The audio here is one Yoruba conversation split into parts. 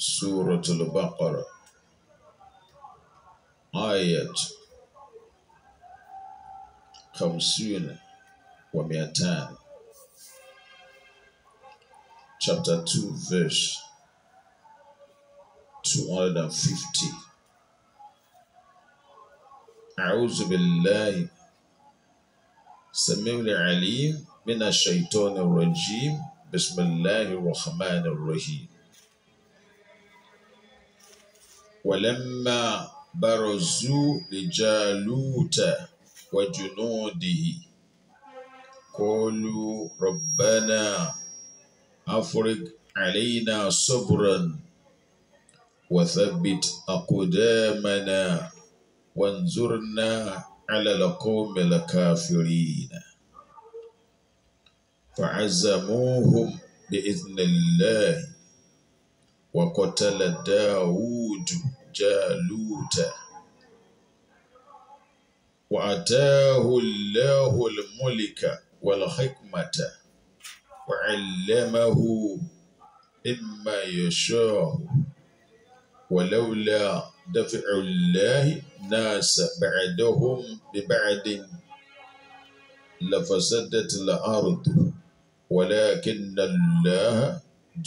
سورة البقرة آية خمسين ومئتان chapter 2 verse 250 أعوذ بالله سميع العليم من الشيطان الرجيم بسم الله الرحمن الرحيم ولما برزوا لجالوت وجنوده قالوا ربنا أفرق علينا صبرا وثبت أقدامنا وانظرنا على القوم الكافرين فعزموهم بإذن الله وقتل داود جالوت وأتاه الله الملك والحكمة وعلمه مما يشاء ولولا دفع الله الناس بعدهم ببعد لفسدت الأرض ولكن الله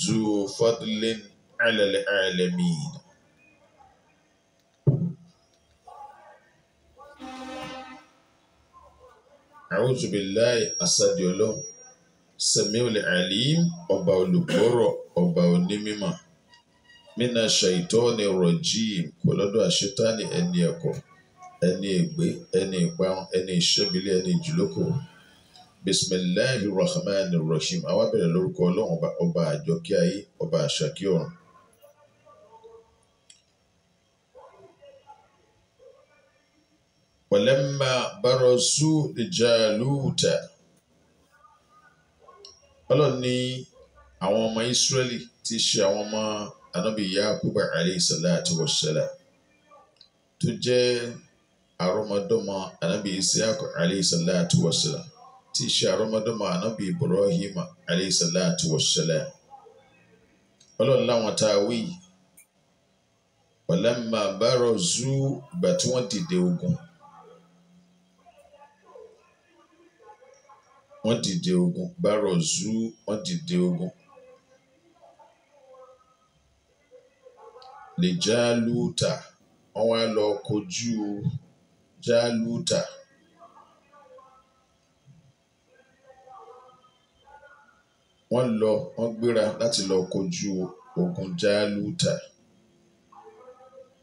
ذو فضل على العالمين أعوذ بالله أسدي الله سميع العليم أبا olùgbọ́rọ̀ ọba onímímọ̀ mina ṣaitọ́ni rọ̀jìm kò lọ́dọ̀ àṣetánì ẹni ẹ̀kọ́ ẹni ègbé ẹni ìparun ẹni ìṣẹ́bílẹ̀ ẹni ìjùlókò bisimilahi rahman rahim àwa bẹ̀rẹ̀ lórúkọ ọlọ́run ọba àjọkí ayé ọba àṣàkí ọ̀run walamma barazu li Jaluta ọlọ́run ní àwọn ọmọ Ísírẹ́lì ti ṣe àwọn ọmọ anábì Yakubu alayhi salatu wa salam tó jẹ́ àrọ́mọdọ́mọ anábì Isiaku alayhi salatu wa salam ti ṣe àrọ́mọdọ́mọ anábì Ibrahim alayhi salatu wa salam ọlọ́run láwọn tá a wí walamma barazu ìgbà tí wọ́n dìde ogun. wọ́n dìde ogun gbárọ̀ zoo wọ́n dìde ogun. lè já lúùtà wọ́n wá lọ kojú já lúùtà. wọ́n lọ wọ́n gbéra láti lọ kojú ogun já lúùtà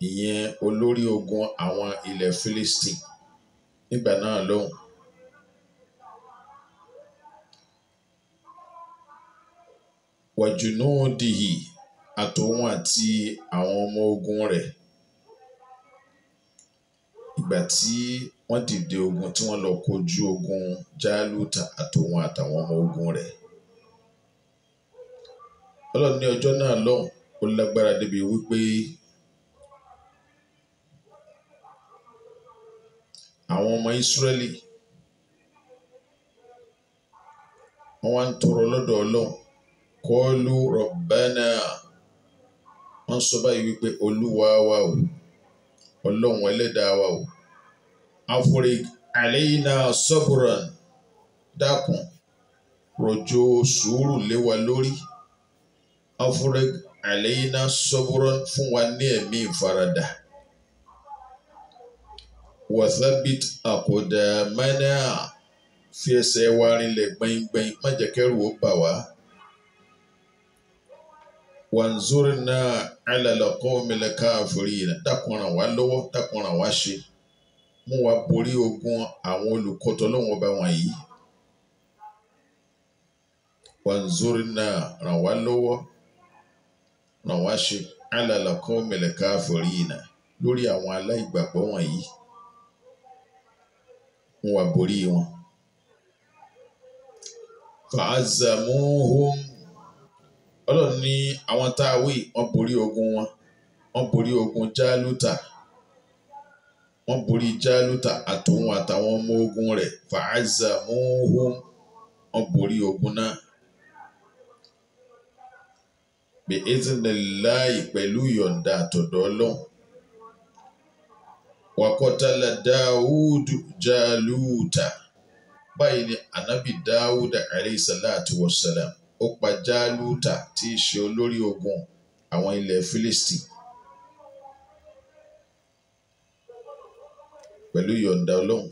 ìyẹn olórí ogun àwọn ilẹ̀ Philistine nígbà náà lọ́hùn wàjúnúdìhì àtòun àti àwọn ọmọ ogun rẹ̀ ìgbà tí wọ́n dìde ogun tí wọ́n lọ kojú ogun jálùtà àtòun àtàwọn ọmọ ogun rẹ̀ ọlọ́run ní ọjọ́ náà lọ́hùn ó lágbára débi wípé àwọn ọmọ ìsírẹ́lì wọ́n wá ń tọrọ lọ́dọ̀ ọlọ́run kọlu rọ̀bẹ́nà wọ́n sọ báyìí wípé olúwa wa o ọlọ́run ẹlẹ́dàá wa o afurik àlẹ́yìnà sọ́bùràn dákun rọ̀jò sùúrù lé wa lórí afurik àlẹ́yìnà sọ́bùràn fún wa ní ẹ̀mí ìfaradà wàthábìt àkọ́dà mẹ́nà fi wa rinlẹ̀ gbẹ̀ngbẹ̀ng má wanzurna ala alqawmil kafirin dákun ràn wá lọ́wọ́ dákun ràn wá ṣe mú wa borí ogun àwọn olùkọ́tọ̀ lọ́wọ́ ọba wọ̀nyí wanzurna ràn wá lọ́wọ́ ala alqawmil ọlọ́run ní àwọn tá a wí wọ́n borí ogun wọn wọ́n borí ogun jálùtà wọ́n borí jálùtà àtòun àtàwọn ọmọ ogun rẹ̀ fàáza mọ́hún wọ́n borí ogun náà. bí ezinilai pẹ̀lú yọ̀ǹda àtọ̀dọ̀ ọlọ́run wakọtala dáúdù jálùtà báyìí ni anabi dáúdà alayhi salatu wa salam ó pa Jálúùtà tí í ṣe olórí ogun àwọn ilẹ̀ Fílístì pẹ̀lú ìyọ̀ǹda Ọlọ́run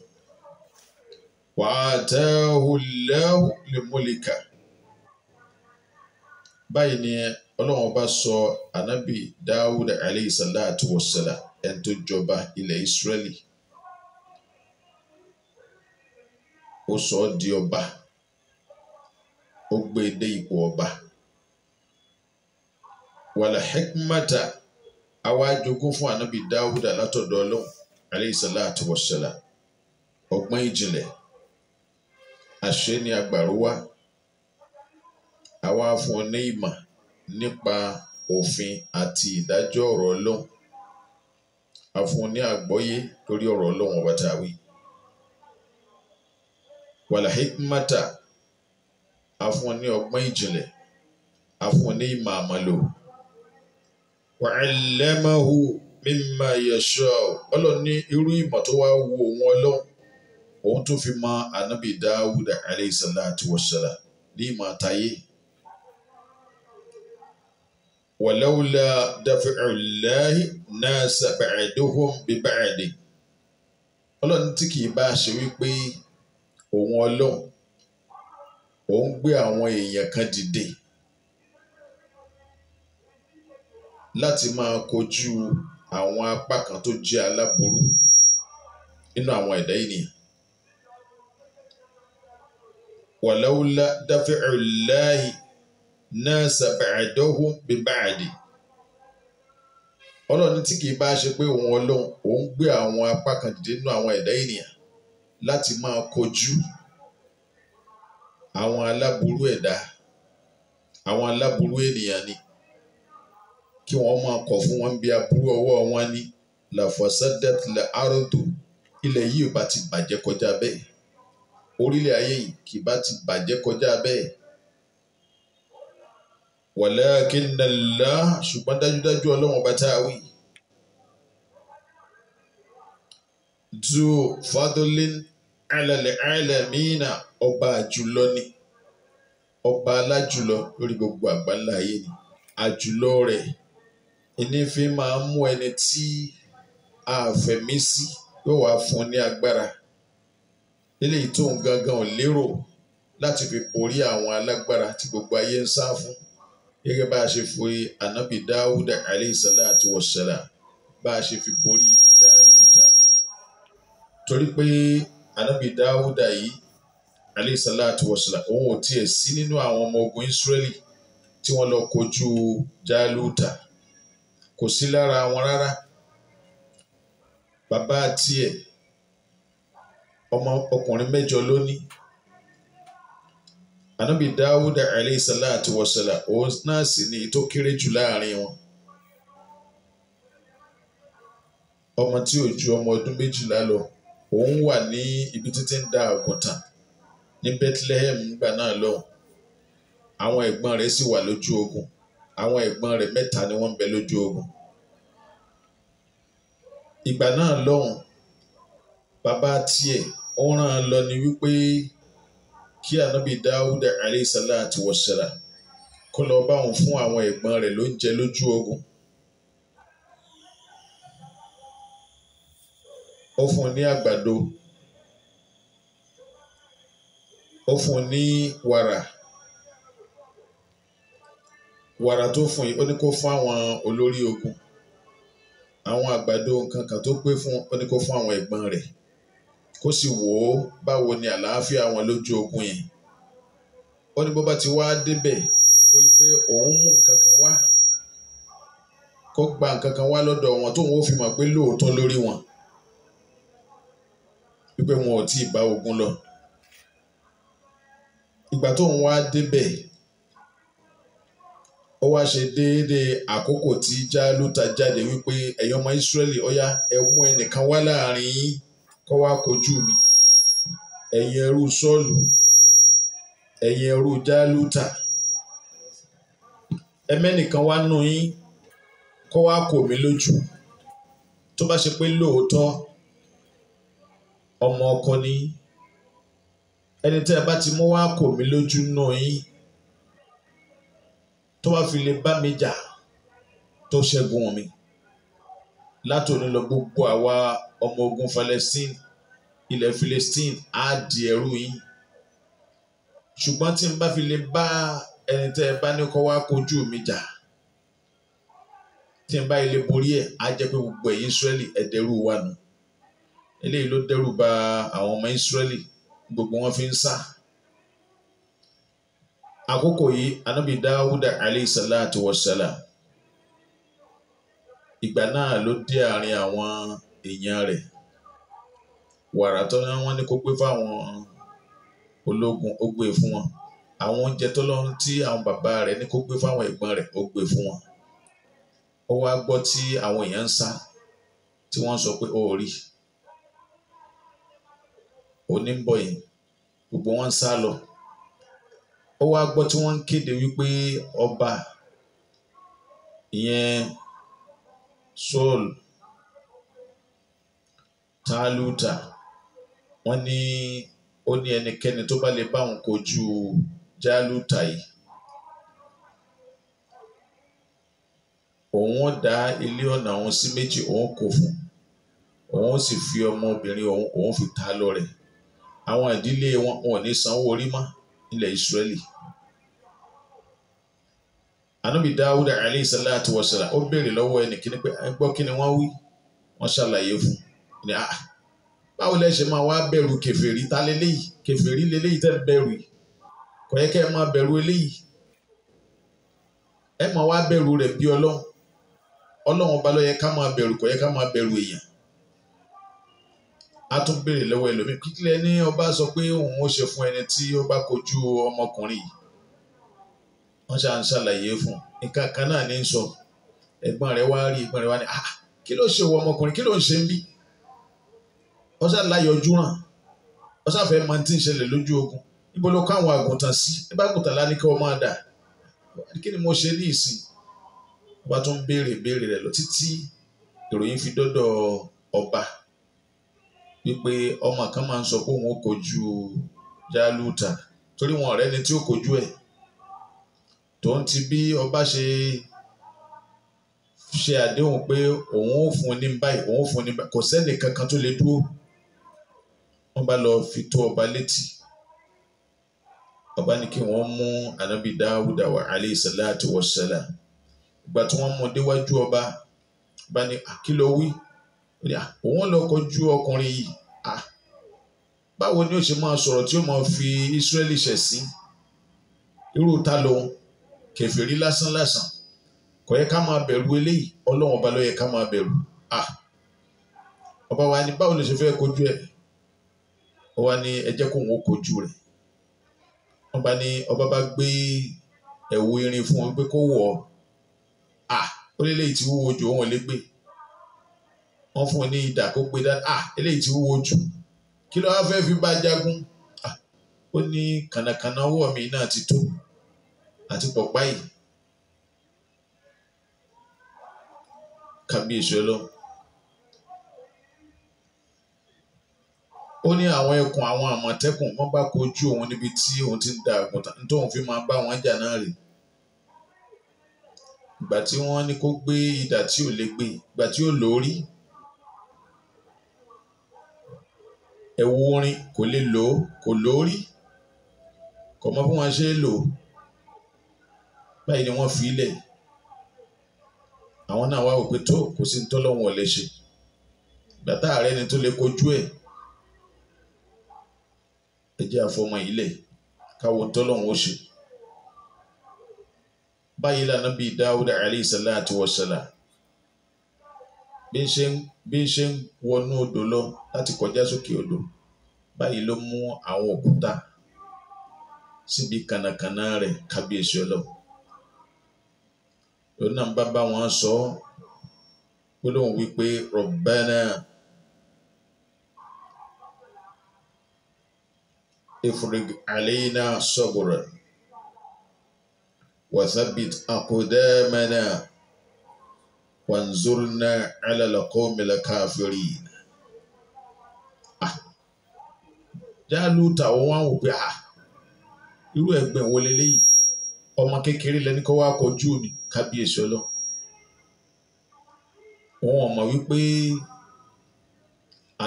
wàtẹ́hù lẹ́hù lè múlìkà báyìí ni Ọlọ́run ọba sọ anabi Dawud alayhi salatu wa ẹni tó jọba ilẹ̀ Israẹli ó sọ ọ́ di ọba ó gbé e dé ipò ọba wàlà hikmata àwa jogún fún anabi dáwúdà látọ̀dọ̀ ọlọ́run aleyhi salatu wa salam ọgbọ́n ìjìnlẹ̀ àṣẹ ni agbàrú wa àwa fún ọ ní ìmọ̀ nípa òfin àti ìdájọ́ ọ̀rọ̀ ọlọ́run àfún ní àgbọ́yé lórí ọ̀rọ̀ ọlọ́run ọba tàwí wàlà hikmata a fún wọn ní ọgbọ́n ìjìnlẹ̀ a fún wọn ní ìmọ̀ àmọ́lò. wa'allamahu mimma yasha'u ọlọ́run ní irú ìmọ̀ tó wá wo òun ọlọ́run òun tó fi mọ anabi dawuda alayhi salatu wa ní ìmọ̀ àtàyè. wàláwùlà daf'ullahi nasa ba'duhum bi ba'di ọlọ́run tí kì bá ṣe wípé òun ọlọ́run ó ń gbé àwọn èèyàn kan dìde láti máa kojú àwọn apá kan tó jẹ́ aláburú nínú àwọn ẹ̀dá ènìyàn. wàláwùlá dáfẹ́rù láàyè náà sàbàdọ́hùn bíbáàdì ọlọ́run tí kìí bá ṣe pé òun ọlọ́run òun gbé àwọn apá kan dìde nínú àwọn ẹ̀dá ènìyàn láti máa kojú àwọn aláburú ẹ̀dá àwọn aláburú ènìyàn ni kí wọ́n máa kọ̀ fún wọn bí aburú ọwọ́ wọn ni làfọ̀sẹ́dẹ́t lẹ àròdù ilẹ̀ yìí bá ti bàjẹ́ kọjá bẹ́ẹ̀ orílẹ̀ ayé yìí kì bá ti bàjẹ́ kọjá bẹ́ẹ̀ walakinna Allah ṣùgbọ́n dájúdájú ọlọ́wọ́n bá tá a wí. zu fadolin alẹ́lẹ̀ alẹ́mìínà ọba àjùlọ ni ọba alájùlọ lórí gbogbo àgbáńlá ayé ni àjùlọ rẹ̀ ìní máa ń mú ẹni tí a fẹ̀mí sí yóò wá fún ní agbára eléyìí tó ń gangan ò lérò láti fi borí àwọn alágbára tí gbogbo ayé ń sá fún gẹ́gẹ́ bá a ṣe forí anabi dáúdà aleyhisalatu wassalam bá a ṣe fi borí jálùtà torí pé anábì dáúdà yìí alayhi salatu wassalam òun ò tiẹ̀ sí nínú àwọn ọmọ ogun Ísírẹ́lì tí wọ́n lọ kojú Jálúùtà kò sí lára wọn rárá bàbá tiẹ̀ ọmọ ọkùnrin mẹ́jọ ló ní anábì dáúdà alayhi salatu wassalam òun náà sì ní tó kéré jù láàrin wọn. ọmọ tí ò ju ọmọ ọdún méjìlá lọ òun wà ní ibi títí ń da àgùntàn ní Bethlehem nígbà náà lọ́hùn àwọn ẹ̀gbọ́n rẹ̀ sì wà lójú ogun àwọn ẹ̀gbọ́n rẹ̀ mẹ́ta ni wọ́n ń bẹ lójú ogun ìgbà náà lọ́hùn bàbá tiẹ̀ ó ràn án lọ ni wípé kí ànábì Dáúdà alayhi salatu wassalam kó lọ bá òun fún àwọn ẹ̀gbọ́n rẹ̀ lóúnjẹ lójú ogun ó fún un ní àgbàdo ó fún un ní wàrà wàrà tó fún yìí ó ní kó fún àwọn olórí ogun àwọn àgbàdo nǹkan kan tó pé fún ó ní kó fún àwọn ẹ̀gbọ́n rẹ̀ kó sì wò ó báwo ni àlàáfíà wọn lójú ogun yìí ó ní bó bá ti wá débẹ̀ ó rí i pé òun mú nǹkan kan wá kó gba nǹkan kan wá lọ́dọ̀ wọn tóun ó fi mọ̀ pé lóòótọ́ lórí wọn wípé wọn ò tí ì bá ogun lọ ìgbà tó ń wá débẹ̀ ó wá ṣe déédéé àkókò tí jálúta jáde wípé ẹ̀yin ọmọ ìsírẹ́lì ọ̀yá ẹ mú ẹnìkan wá láàrin yín kó wá kojú mi ẹ̀yin ẹrú sọ́ọ̀lù ẹ̀yin ẹrú jálúta ẹmẹ́nìkan wá nù yín kó wá kò mí lójú tó bá ṣe pé lóòótọ́ ọmọ ọkọ ni ẹni tẹ́ ẹ bá ti mú wá kò mí lójú náà yín tó bá fi lè bá mi jà tó ṣẹ́gun mi látòní lọ gbogbo àwa ọmọ ogun Palestine ilẹ̀ Palestine á di ẹrú yín ṣùgbọ́n tí n bá fi lè bá ẹni tẹ́ ẹ bá ní kó wá kojú mi jà tí n bá ilé borí ẹ̀ á jẹ́ pé gbogbo ẹ̀yin Israẹli ẹ̀dẹ̀rú wa nù. No eléyìí ló dẹ́rù ba àwọn ọmọ Ísírẹ́lì gbogbo wọn fi ń sá àkókò yìí anabi Dawuda alayhi salatu wa salam ìgbà náà ló dé àárín àwọn èèyàn rẹ̀ wàrà tó ní wọn ní kó gbé fáwọn ológun ó gbé e fún wọn àwọn oúnjẹ tó lọ́run tí àwọn bàbá rẹ̀ ní kó gbé fáwọn ẹ̀gbọ́n rẹ̀ ó gbé e fún wọn ó wá gbọ́ tí àwọn èèyàn ń sá tí wọ́n sọ pé ó rí i onímbọ̀yìn gbogbo wọn ń sá lọ ó wá gbọ́ tí wọ́n ń kéde wípé ọba ìyẹn Saul Tálútà wọ́n ní ó ní ẹnikẹ́ni tó bá lè bá òun kojú Jálútà yìí òun ó dá ilé ọ̀nà òun sí méjì òun kò fún òun ó sì fi ọmọbìnrin òun òun fi ta lọ́rẹ àwọn ìdílé wọn wọn ò ní sanwó orí mọ́ nílẹ̀ Israẹli anabi dawuda alayhi salatu wa salam ó béèrè lọ́wọ́ ẹnìkíní pé ẹ gbọ́ kí ni wọ́n wí wọ́n ṣàlàyé fún ni a ah, báwo lẹ ṣe máa wá bẹ̀rù kẹfẹ́rí ta lélẹ́yìí kẹfẹ́rí lélẹ́yìí tẹ́ bẹ̀rù yìí kò yẹ kẹ́ ẹ máa bẹ̀rù eléyìí ẹ máa wá bẹ̀rù rẹ̀ bí ọlọ́run ọlọ́run ọba ló ká máa bẹ̀rù kò yẹ ká máa bẹ̀rù èèyàn a tún béèrè lọ́wọ́ ẹlòmíì kíkílẹ̀ ní ọba sọ pé òun ó ṣe fún ẹni tí ó bá kojú ọmọkùnrin yìí wọ́n ṣà ń ṣàlàyé fún un nǹkan kan náà ní sọ ẹ̀gbọ́n rẹ̀ wá rí ẹ̀gbọ́n rẹ̀ wá ní ah kí ló ṣe wọ ọmọkùnrin kí ló ń ṣe ń bí wọ́n ṣà láyọjú ràn wọ́n ṣà fẹ́ mọ tí ń ṣẹlẹ̀ lójú ogun níbo ló kọ́ àwọn àgùntàn sí nígbà àgùntàn lá ní kí wọ́n máa dà kí ni mo ṣe ní ìsìn wọ́n bá tún béèrè béèrè rẹ̀ lọ títí ìròyìn fi dọ́dọ̀ ọba wípé ọmọ kan máa ń sọ pé òun ó kojú jálùtà torí wọn ọ̀rẹ́ ni tí ó kojú ẹ̀ tòun ti bí ọba ṣe ṣe àdéhùn pé òun ò fún ní báyìí òun ò fún ní báyìí kò sẹ́ni kankan tó lè dúró wọ́n bá lọ fi tó ọba létí ọba ní kí wọ́n mú anabi dáwúdà wà alayhi salatu wa salam ìgbà tí wọ́n mú déwájú ọba ọba ní àkìlọ̀ òun lọ kọjú ọkùnrin yìí báwo ni ó ṣe máa sọ̀rọ̀ tí ó máa fi Ísírẹ́lì ṣẹ̀sín irú ta lòun kèfèrí lásán lásán kò yẹ ká máa bẹ̀rù eléyìí ọlọ́run ọba ló yẹ ká máa bẹ̀rù ọba wa ni báwo ló ṣe fẹ́ kojú ẹ̀ ọba ni ẹ jẹ́ kóun ó kojú rẹ̀ ọba ni ọba bá gbé ẹ̀wù irin fún wọn pé kó wọ̀ ọ́ ó lé léyìí tí wúwo jù òun ò lè gbé wọ́n fún un ní ìdà kó pe dá à ah, eléyìí ti wúwo jù kí ló wá fẹ́ fi bá jagun ah, ó ní kànàkànà ọwọ́ mi náà ti tó àti pọ̀pá yìí kábíyèsí ọlọ́run ó ní àwọn ẹkùn àwọn àmọ̀tẹ́kùn wọ́n bá kojú òun níbi tí òun ti ń da àgùntàn nítorí fi máa bá wọn jà náà rè ìgbà tí wọ́n ní kó gbé idà tí ò lè gbé ìgbà tí ó lórí ẹ̀wù orin kò lè lò ó kò lórí kò mọ bí wọ́n ṣe é lò ó báyìí ni wọ́n fi ilẹ̀ àwọn náà wá wò pé tó kò sí tọ́lọ́hún ò lè ṣe gbàtà rẹ ni tó lè kojú ẹ̀ ẹ jẹ́ àfọmọ ilẹ̀ káwọ tọ́lọ́hún ó ṣe báyìí lànà bíi Dáúdà alayhi salatu wa salam bí ń ṣe ń bí ń ṣe ń wọnú odò lọ láti kọjá sókè odò báyìí ló mú àwọn òkúta síbi kànàkànà rẹ̀ kábíyèsí ọlọ́run lónìí náà ń bá bá wọn sọ ọ́ gbólóhùn wípé Rabbana ifrig alayna sabra wa thabbit aqdamana. وانظرنا على القوم الكافرين. ah Jálútà wọn wá wò pé ah irú ẹgbẹ́ wo leléyìí ọmọ kékeré lẹni kó wá kọjú mi kábíyèsí ọlọ wọn ò mọ̀ wípé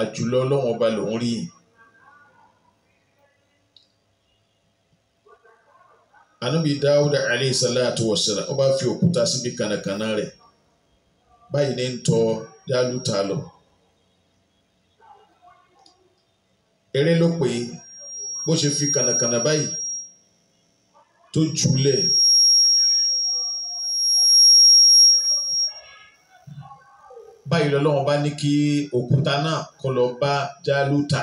àjùlọ Ọlọ́run ọba lòún rí yìí. anabi dawuda alayhi salatu wassalam ó bá fi òkúta síbi kànàkànà rẹ̀ báyìí ní ń tọ Jálútà lọ. eré ló pè é bó ṣe fi kànàkànà báyìí tó jùlẹ̀ báyìí lọ́lọ́run bá ní kí òkúta náà kó lọ bá Jálútà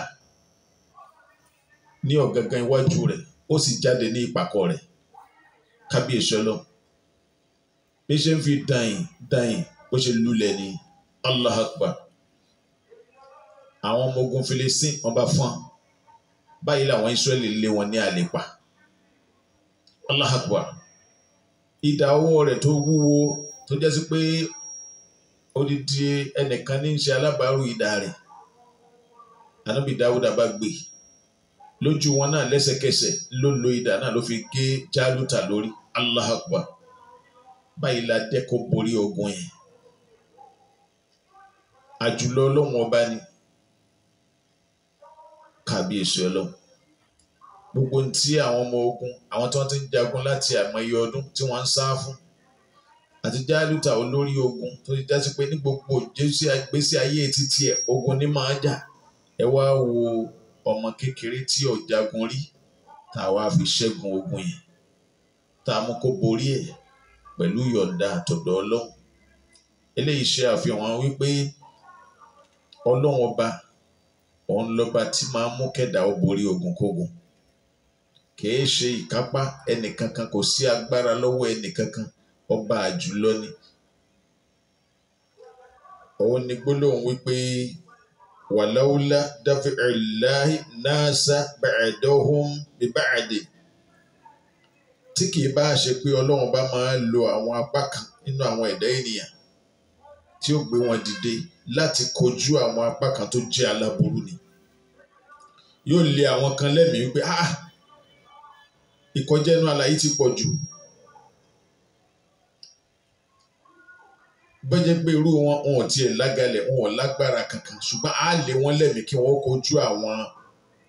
ní ọ̀gángan iwájú rẹ̀ ó sì jáde ní ìpàkọ́ rẹ̀ kábíyèsí bí ṣe ń fi dàn yìn dàn yìn bó ṣe lulẹ̀ ní allah akbar àwọn ọmọ ogun filistin wọ́n bá fún báyìí làwọn israẹli lé wọn ní àlepa allah akbar ìdá ọwọ́ rẹ̀ tó wúwo tó jẹ́ sí pé odidi ẹnìkan ní í ṣe alábàárù ìdá rẹ̀ anábì dáwúdà bá gbé lójú wọn náà lẹ́sẹ̀kẹsẹ̀ ló lo ìdá náà ló fi gé jálùtà lórí allah akbar báyìí la dẹ́kọ̀ borí ogun yẹn àjùlọ ọlọ́run ọba ni kàbíyèsí ọlọ́run gbogbo ntí àwọn ọmọ ogun àwọn tí wọ́n ti ń jagun láti àìmọye ọdún tí wọ́n ń sá fún àti jálùtà olórí ogun tó ti jásí pé ní gbogbo jésù àgbésí ayé títí ẹ ogun ní máa jà ẹ wá wo ọmọ kékeré tí ò jagun rí tá a wá fi ṣẹ́gun ogun yìí tá a mú kó borí ẹ̀ pẹ̀lú yọ̀ǹda àtọ̀dọ̀ ọlọ́run eléyìí ṣe àfihàn wípé ọlọ́run ọba òun lọ́ba tí máa ń mú kẹ́dà ó borí ogunkógun kìí ṣe ìkápá ẹnìkankan kò sí agbára lọ́wọ́ ẹnìkankan ọba àjùlọ ni òun ni gbólóhùn wípé wàláwúlá dáfíìláì náàsá bàdọ́hùn bíbáàdì tí kìí bá ṣe pé ọlọ́run máa ń lo àwọn apá kan nínú àwọn ẹ̀dá ènìyàn tí ó gbé wọn dìde láti kojú àwọn apá kan tó jẹ́ aláboru ni yóò lé àwọn kan lẹ́mìí wípé ah, ah ìkọjẹ́nu àlàyé ti pọ̀ jù bọ́jẹ́ pé irú wọn wọn ò tiẹ̀ lágalẹ̀ wọn ò lágbára kankan ṣùgbọ́n á lé wọn lẹ́mìí kí wọ́n kojú àwọn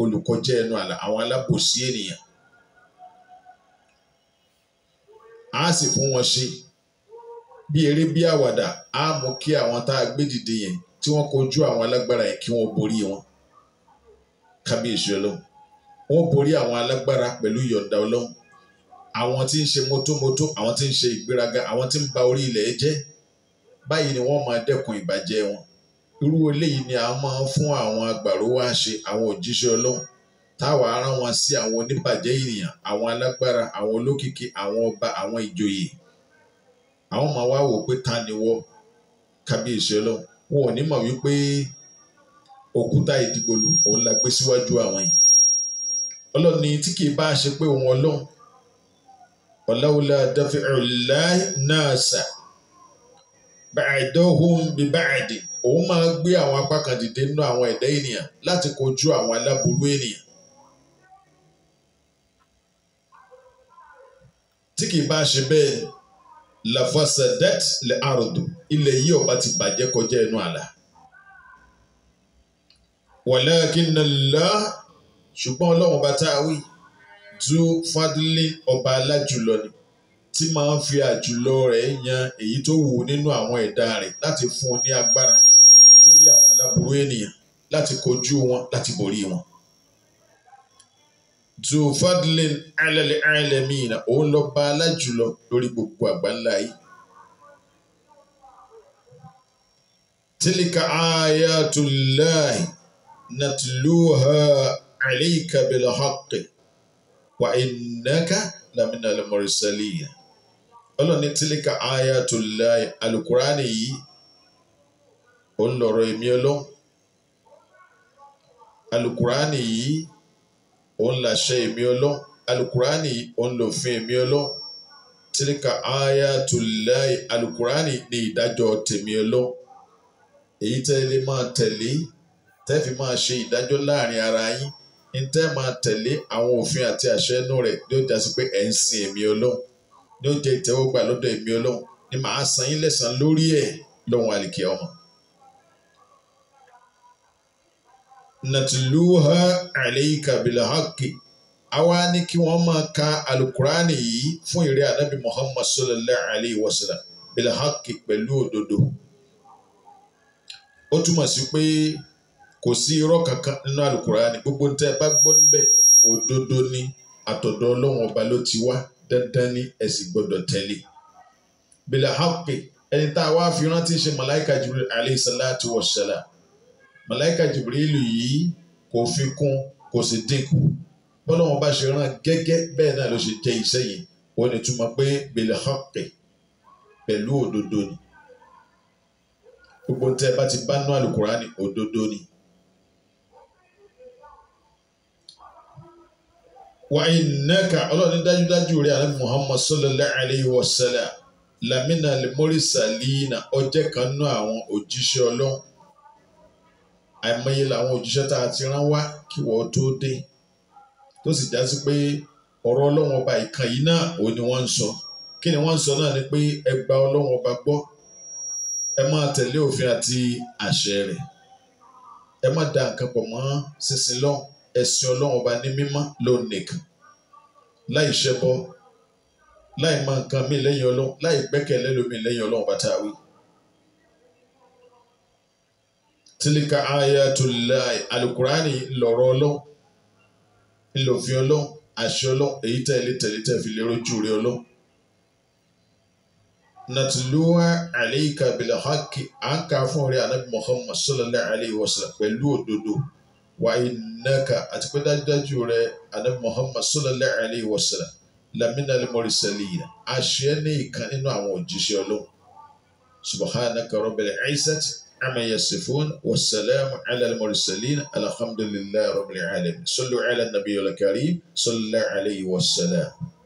olùkọjẹ́ ẹnu àlà àwọn alábòsí ènìyàn á sì fún wọn ṣe. Si bí eré bí àwàdà á mú kí àwọn tá a gbé dìde yẹn tí wọ́n kojú àwọn alágbára yẹn kí wọ́n borí wọn kábíyèsí ọlọ́run wọ́n borí àwọn alágbára pẹ̀lú yọ̀ǹda ọlọ́run àwọn tí ń ṣe mọ́tómọ́tó àwọn tí ń ṣe ìgbéraga àwọn tí ń ba orí ilẹ̀ jẹ́ báyìí ni wọ́n máa dẹ́kun ìbàjẹ́ wọn irú eléyìí ni a máa ń fún àwọn agbàró wá ṣe àwọn òjíṣẹ́ ọlọ́run táwa rán wọn sí àwọn oníbàjẹ́ ènìyàn àwọn alágbára àwọn olókìkí àwọn ọba àwọn ìjòyè àwọn ọmọ wa wò pé ta ni wọ kábíyèsí ọlọ́run wọn ò ní mọ̀ wípé òkúta ìdìgbòlù òun la gbé síwájú àwọn yìí ọlọ́run ni tí kìí bá a ṣe pé òun ọlọ́run ọ̀làwùlà dàfẹ́rẹ́lá náà sà bàdọ́hùn bí bàdì òun máa gbé àwọn apá kan dìde nínú àwọn ẹ̀dá ènìyàn láti kojú àwọn aláburú ènìyàn. tí kìí bá a ṣe bẹ́ẹ̀ lafasadat le arodo ilẹ̀ yìí ọba ti bàjẹ́ kọjá ẹnu àlà wàlákínàlá ṣùgbọ́n ọlọ́run ọba tá a wí ju fadlé ọba alájùlọ ni tí máa ń fi àjùlọ rẹ̀ yan èyí tó wù nínú àwọn ẹ̀dá rẹ̀ láti fún un ní agbára lórí àwọn aláburú ènìyàn láti kojú wọn láti borí wọn zu fadlin alali alamina òun lọ bá alájùlọ lórí gbogbo àgbáńlá yìí. tilika ayatulahi natluha alayka bilhaqi wa innaka lamina almursaliya ọlọ́ni tilika ayatulahi alukurani yìí òun lọ̀rọ̀ èmi ọlọ́run alukurani yìí òun làṣẹ èmi ọlọ́run alukurani òun lòfin èmi ọlọ́run tirika ayatollah alukurani ní ìdájọ́ tèmi ọlọ́run èyí tẹ́ lè máa tẹ̀lé tẹ́ fi máa ṣe ìdájọ́ láàrin ara yín ní tẹ́ máa tẹ̀lé àwọn òfin àti àṣẹ inú rẹ̀ ní ó jásí pé ẹ̀ ń sin èmi ọlọ́run ní ó jẹ́ ìtẹ́wọ́gbà lọ́dọ̀ èmi ọlọ́run ni màá san yín lẹ́san lórí ẹ̀ lọ́hùn àlìkè ọmọ. nàtìlúhà àlẹ́yìká bilahaki àwa ni kí wọ́n máa ka alukurani yìí fún ìrẹ́ anabi muhammad sallallahu alayhi wa sallam bilahaki pẹ̀lú òdodo ó túmọ̀ sí pé kò sí irọ́ kankan nínú alukurani gbogbo ní tẹ́ ẹ bá gbọ́ níbẹ̀ òdodo ni àtọ̀dọ̀ ọlọ́run ọba ló ti wá dandan ni ẹ gbọ́dọ̀ tẹ̀lé bilahaki ẹni tá a wá fi rántí ṣe màláìka jibril alayhi salatu wa salam màláìka Jibrilu yìí kò fi kún kò sì dínkù bọ́lọ́wọ́n bá ṣe rán gẹ́gẹ́ bẹ́ẹ̀ náà ló ṣe jẹ́ iṣẹ́ yìí wọ́n ní túmọ̀ pé bilhaqqi pẹ̀lú òdodo ni gbogbo tẹ bá ti bá nú àlùkùránì òdodo ni. wa innaka ọlọ́ọ̀ni dájúdájú rẹ̀ àlẹ́ Muhammad sallallahu alayhi wa sallam lamina al-mursalina ọjẹ́ kan nú àwọn òjíṣẹ́ ọlọ́run àìmọye làwọn òjíṣẹ́ tá a ti rán wá kí wọ́n tó dé tó sì já sí pé ọ̀rọ̀ ọlọ́run ọba ìkan yìí náà òun ni wọ́n ń sọ kí ni wọ́n ń sọ náà ni pé ẹ gba ọlọ́run ọba gbọ́ ẹ máa tẹ̀lé òfin àti àṣẹ rẹ̀ ẹ má da nǹkan pọ̀ mọ́ sísìn lọ́hùn ẹ̀sìn ọlọ́run ọba ní mímọ́ ló nìkan láì ṣẹbọ láì mọ nǹkan míì lẹ́yìn ọlọ́run láì gbẹ́kẹ̀lé lómi lẹ́yìn ọlọ́run bàtà wí. tilika ayatollah alukurani lọ̀rọ̀ Ọlọ́run ńlọfin Ọlọ́run àṣẹ Ọlọ́run èyí tẹ̀lé tẹ̀lé tẹ fi lérò jù rí Ọlọ́run natuluwa aleika bilhaki à ń kà fún ọ̀rẹ́ anabi muhammad sallallahu alayhi wa sallam pẹ̀lú òdodo wa innaka àti pé dájúdájú rẹ̀ anabi muhammad sallallahu alayhi wa sallam lamina al-mursalin àṣẹ ní ìkan nínú àwọn òjíṣẹ́ Ọlọ́run subhanaka rabbil izzati. عما يصفون والسلام على المرسلين الحمد لله رب العالمين صلوا على النبي الكريم صلى الله عليه وسلم